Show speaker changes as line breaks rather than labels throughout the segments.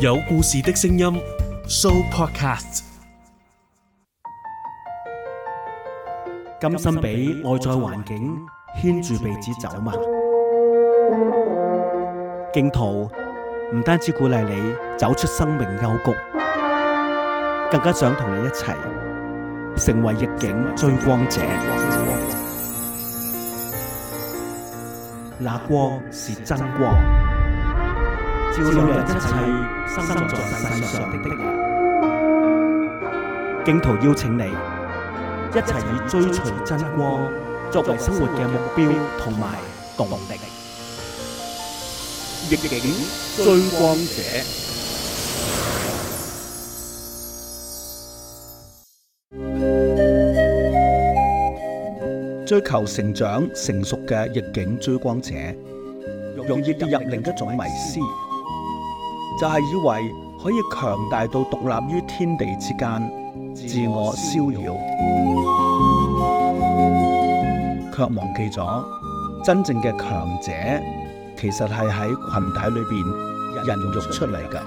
有故事的聲音，Sooo Podcast。甘心俾外在環境牽住鼻子走嘛？荊徒唔單止鼓勵你走出生命幽谷，更加想同你一齊成為逆境追光者。那光是真光。照亮一切生在世上的的人，荊徒邀請你一齊以追隨真光作為生活嘅目標同埋動力。逆境追光者，追求成長成熟嘅逆境追光者，容易跌入另一種迷思。就係、是，以為可以強大到獨立於天地之間，自我逍遙，卻忘記咗真正嘅強者其實係喺群體裏邊孕育出嚟嘅。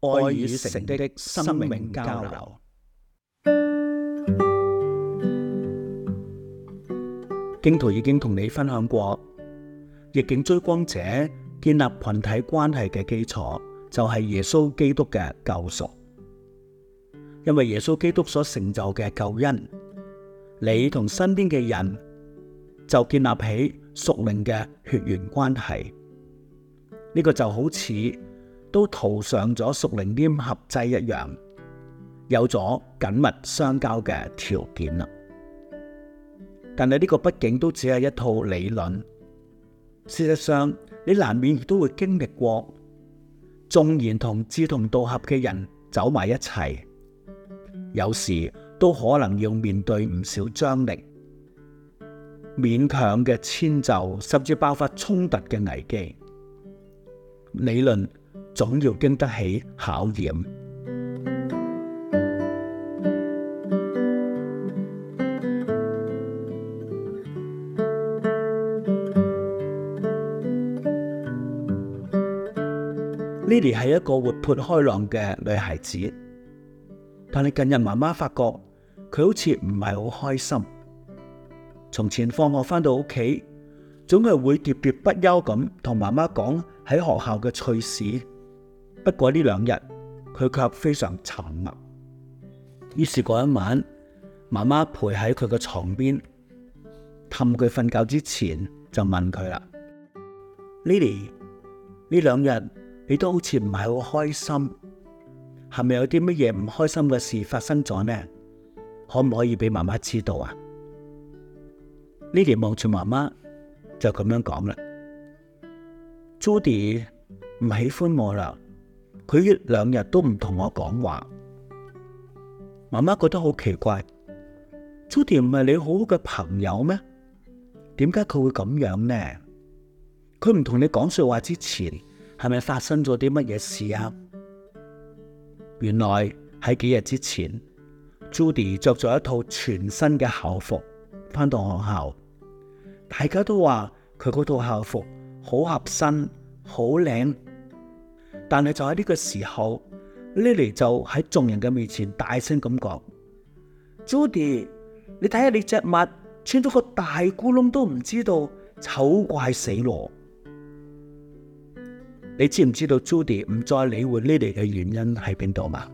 愛與誠的生命交流，荊徒已經同你分享過。逆境追光者。建立群體關係嘅基礎，就係耶穌基督嘅救贖。因為耶穌基督所成就嘅救恩，你同身邊嘅人就建立起屬靈嘅血緣關係。呢個就好似都塗上咗屬靈黏合劑一樣，有咗緊密相交嘅條件啦。但係呢個畢竟都只係一套理論。事實上，你難免亦都會經歷過，縱然同志同道合嘅人走埋一齊，有時都可能要面對唔少張力、勉強嘅遷就，甚至爆發衝突嘅危機。理論總要經得起考驗。Lily 係一個活潑開朗嘅女孩子，但係近日媽媽發覺佢好似唔係好開心。從前放學翻到屋企，總係會喋喋不休咁同媽媽講喺學校嘅趣事。不過呢兩日佢卻非常沉默。於是嗰一晚，媽媽陪喺佢嘅床邊，氹佢瞓覺之前就問佢啦：Lily，呢兩日，你都好似唔係好開心，係咪有啲乜嘢唔開心嘅事發生咗呢？可唔可以俾媽媽知道啊？Lily 望住媽媽就咁樣講啦。Judy 唔喜歡我啦，佢兩日都唔同我講話。媽媽覺得好奇怪，Judy 唔係你好好嘅朋友咩？點解佢會咁樣呢？佢唔同你講說話之前，係咪發生咗啲乜嘢事啊？原來喺幾日之前，Judy 着咗一套全新嘅校服，翻到學校，大家都話佢嗰套校服好合身、好靚。但係就喺呢個時候，Lily 就喺眾人嘅面前大聲咁講：Judy，你睇下你隻襪穿咗個大咕窿都唔知道，醜怪死咯！你知唔知道朱迪唔再理會呢啲嘅原因喺邊度嘛？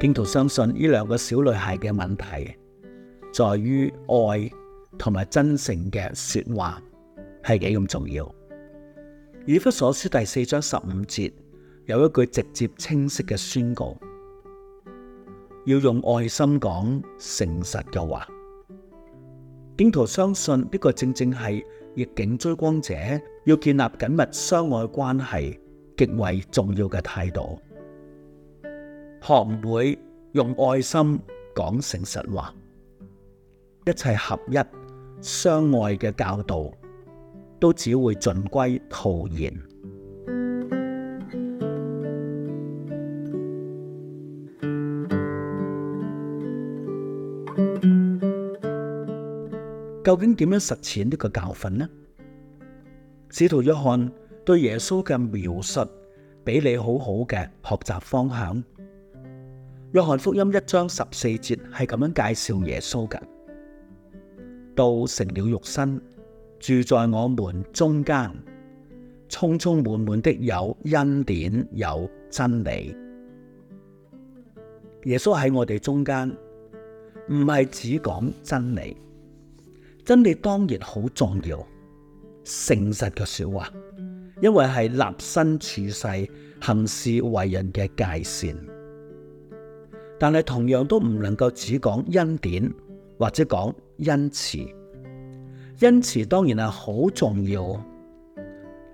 荊徒相信呢兩個小女孩嘅問題，在於愛同埋真誠嘅說話係幾咁重要。以弗所書第四章十五節有一句直接清晰嘅宣告：要用愛心講誠實嘅話。荊徒相信呢個正正係逆境追光者要建立緊密相愛關係極為重要嘅態度，學唔會用愛心講誠實話，一切合一相愛嘅教導都只會盡歸徒然。究竟點樣實踐呢個教訓呢？使徒約翰對耶穌嘅描述，俾你好好嘅學習方向。約翰福音一章十四節係咁樣介紹耶穌嘅：道成了肉身，住在我們中間，充充滿滿的有恩典，有真理。耶穌喺我哋中間，唔係只講真理。真理當然好重要，誠實嘅說話，因為係立身處世、行事為人嘅界線。但係同樣都唔能夠只講恩典，或者講恩慈。恩慈當然係好重要，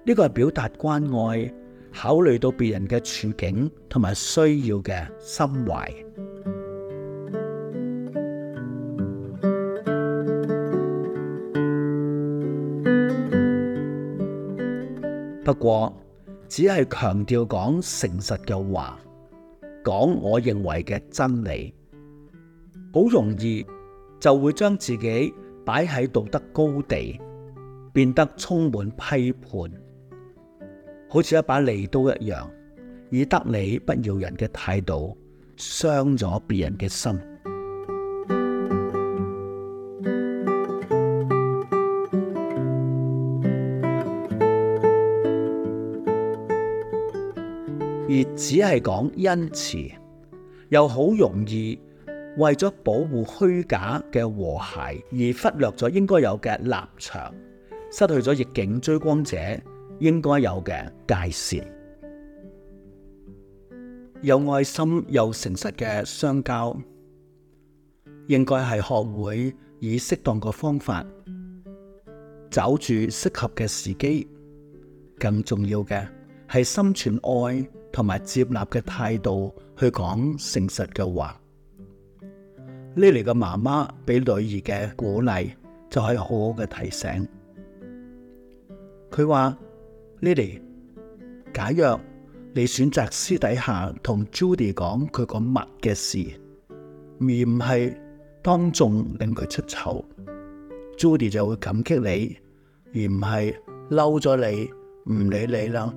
呢個係表達關愛，考慮到別人嘅處境同埋需要嘅心懷。不過，只係強調講誠實嘅話，講我認為嘅真理，好容易就會將自己擺喺道德高地，變得充滿批判，好似一把利刀一樣，以得理不饒人嘅態度，傷咗別人嘅心。只係講恩慈，又好容易為咗保護虛假嘅和諧而忽略咗應該有嘅立場，失去咗逆境追光者應該有嘅界線。有愛心又誠實嘅相交，應該係學會以適當嘅方法，抓住適合嘅時機。更重要嘅。係心存愛同埋接納嘅態度去講誠實嘅話，Lily 嘅媽媽俾女兒嘅鼓勵就係好好嘅提醒她說。佢話：Lily，假若你選擇私底下同 Judy 講佢個密嘅事，而唔係當眾令佢出醜，Judy 就會感激你，而唔係嬲咗你，唔理你啦。